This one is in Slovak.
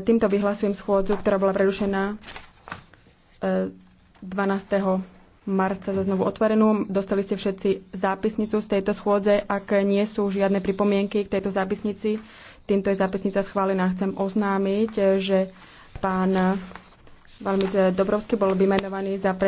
Týmto vyhlasujem schôdzu, ktorá bola prerušená 12. E, marca za znovu otvorenú. Dostali ste všetci zápisnicu z tejto schôdze. Ak nie sú žiadne pripomienky k tejto zápisnici, týmto je zápisnica schválená. Chcem oznámiť, že pán Valmice Dobrovský bol vymenovaný za